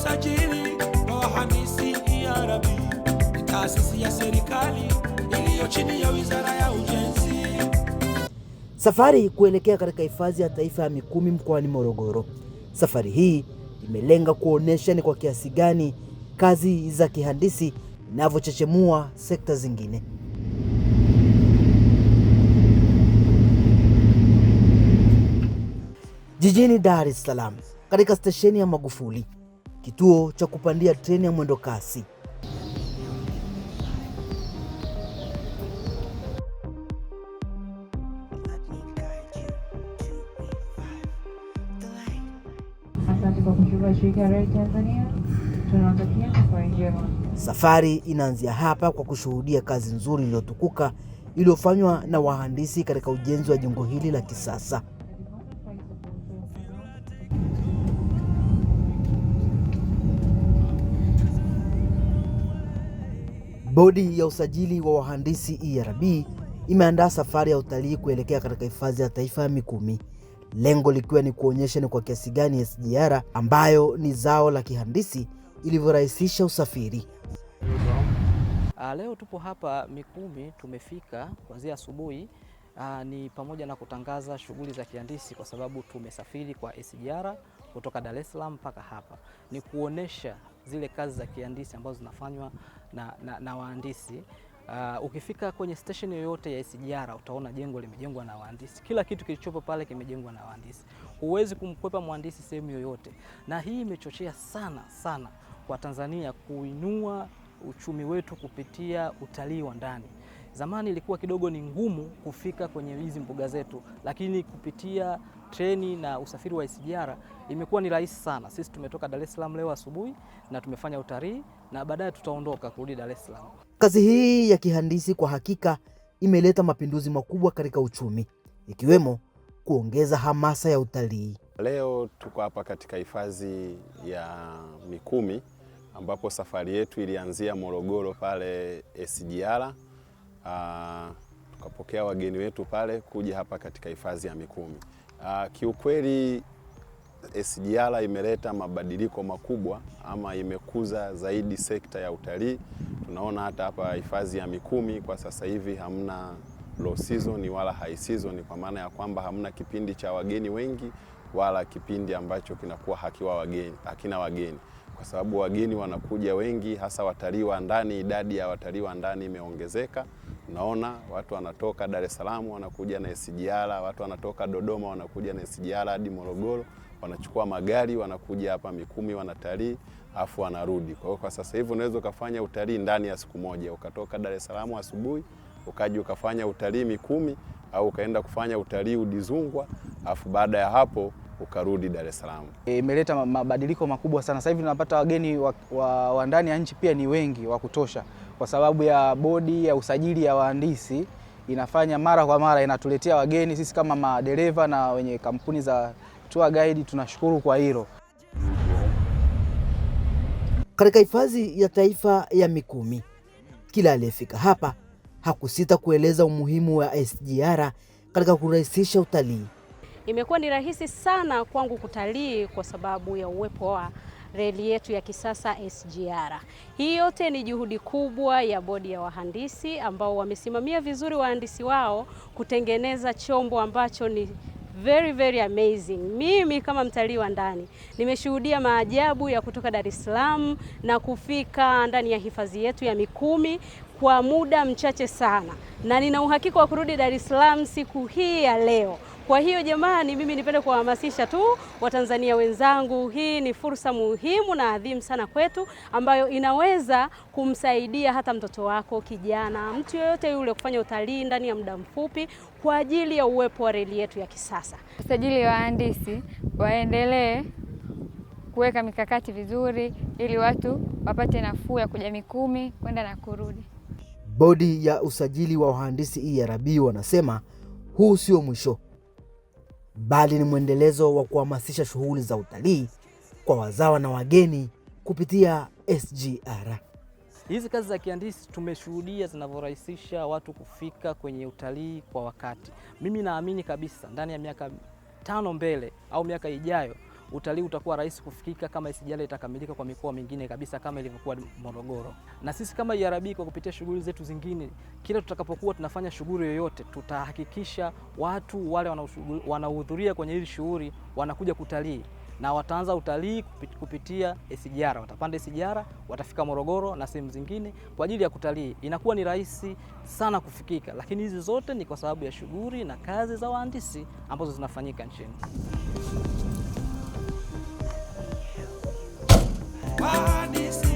usajili ERB ni taasisi ya serikali iliyo chini ya Wizara ya Ujenzi. Safari kuelekea katika hifadhi ya taifa ya Mikumi mkoani Morogoro. Safari hii imelenga kuonesha ni kwa kiasi gani kazi za kihandisi inavyochechemua sekta zingine. Jijini Dar es Salaam katika stesheni ya Magufuli kituo cha kupandia treni ya mwendo kasi. Safari inaanzia hapa kwa kushuhudia kazi nzuri iliyotukuka iliyofanywa na wahandisi katika ujenzi wa jengo hili la kisasa. Bodi ya usajili wa wahandisi ERB imeandaa safari ya utalii kuelekea katika hifadhi ya taifa ya Mikumi, lengo likiwa ni kuonyesha ni kwa kiasi gani SGR ambayo ni zao la kihandisi ilivyorahisisha usafiri. Ah, leo tupo hapa Mikumi, tumefika kuanzia asubuhi Aa, ah, ni pamoja na kutangaza shughuli za kihandisi kwa sababu tumesafiri kwa SGR kutoka Dar es Salaam mpaka hapa, ni kuonesha zile kazi za kihandisi ambazo zinafanywa na, na, na wahandisi. Uh, ukifika kwenye station yoyote ya SGR utaona jengo limejengwa na wahandisi. Kila kitu kilichopo pale kimejengwa na wahandisi, huwezi kumkwepa mhandisi sehemu yoyote, na hii imechochea sana sana kwa Tanzania kuinua uchumi wetu kupitia utalii wa ndani. Zamani ilikuwa kidogo ni ngumu kufika kwenye hizi mbuga zetu, lakini kupitia treni na usafiri wa SGR imekuwa ni rahisi sana. Sisi tumetoka Dar es Salaam leo asubuhi na tumefanya utalii na baadaye tutaondoka kurudi Dar es Salaam. Kazi hii ya kihandisi kwa hakika imeleta mapinduzi makubwa katika uchumi, ikiwemo kuongeza hamasa ya utalii. Leo tuko hapa katika hifadhi ya Mikumi ambapo safari yetu ilianzia Morogoro pale SGR uh, tukapokea wageni wetu pale kuja hapa katika hifadhi ya Mikumi. Uh, kiukweli SGR imeleta mabadiliko makubwa ama imekuza zaidi sekta ya utalii. Tunaona hata hapa hifadhi ya Mikumi kwa sasa hivi hamna low season wala high season, kwa maana ya kwamba hamna kipindi cha wageni wengi wala kipindi ambacho kinakuwa hakiwa wageni, hakina wageni, kwa sababu wageni wanakuja wengi, hasa watalii wa ndani. Idadi ya watalii wa ndani imeongezeka. Unaona, watu wanatoka Dar es Salaam wanakuja na SGR, watu wanatoka Dodoma wanakuja na SGR hadi Morogoro, wanachukua magari wanakuja hapa Mikumi wanatalii afu wanarudi. Kwa hiyo kwa sasa hivi unaweza ukafanya utalii ndani ya siku moja, ukatoka Dar es Salaam asubuhi ukaja ukafanya utalii Mikumi au ukaenda kufanya utalii udizungwa afu baada ya hapo ukarudi Dar es Salaam. E, imeleta mabadiliko makubwa sana. Sasa hivi tunapata wageni wa, wa, wa ndani ya nchi pia ni wengi wa kutosha kwa sababu ya bodi ya usajili ya wahandisi inafanya mara kwa mara inatuletea wageni sisi kama madereva na wenye kampuni za tour guide, tunashukuru kwa hilo. Katika hifadhi ya taifa ya Mikumi, kila aliyefika hapa hakusita kueleza umuhimu wa SGR katika kurahisisha utalii. Imekuwa ni rahisi sana kwangu kutalii kwa sababu ya uwepo wa reli yetu ya kisasa SGR. Hii yote ni juhudi kubwa ya bodi ya wahandisi ambao wamesimamia vizuri wahandisi wao kutengeneza chombo ambacho ni very very amazing. Mimi kama mtalii wa ndani nimeshuhudia maajabu ya kutoka Dar es Salaam na kufika ndani ya hifadhi yetu ya Mikumi kwa muda mchache sana, na nina uhakika wa kurudi Dar es Salaam siku hii ya leo. Kwa hiyo jamani, mimi nipende kuwahamasisha tu Watanzania wenzangu, hii ni fursa muhimu na adhimu sana kwetu, ambayo inaweza kumsaidia hata mtoto wako, kijana, mtu yoyote yule, kufanya utalii ndani ya muda mfupi kwa ajili ya uwepo wa reli yetu ya kisasa. Usajili wa wahandisi waendelee kuweka mikakati vizuri, ili watu wapate nafuu ya kuja Mikumi kwenda na kurudi. Bodi ya usajili wa wahandisi ERB wanasema huu sio mwisho, bali ni mwendelezo wa kuhamasisha shughuli za utalii kwa wazawa na wageni kupitia SGR. Hizi kazi za kihandisi tumeshuhudia zinavyorahisisha watu kufika kwenye utalii kwa wakati. Mimi naamini kabisa ndani ya miaka tano mbele au miaka ijayo utalii utakuwa rahisi kufikika kama isijali itakamilika kwa mikoa mingine kabisa kama ilivyokuwa Morogoro. Na sisi kama IRB kwa kupitia shughuli zetu zingine, kila tutakapokuwa tunafanya shughuli yoyote, tutahakikisha watu wale wanaohudhuria kwenye hili shughuli wanakuja kutalii na wataanza utalii kupitia SGR. Watapanda SGR, watafika Morogoro na sehemu zingine kwa ajili ya kutalii. Inakuwa ni rahisi sana kufikika, lakini hizi zote ni kwa sababu ya shughuli na kazi za wahandisi ambazo zinafanyika nchini. Why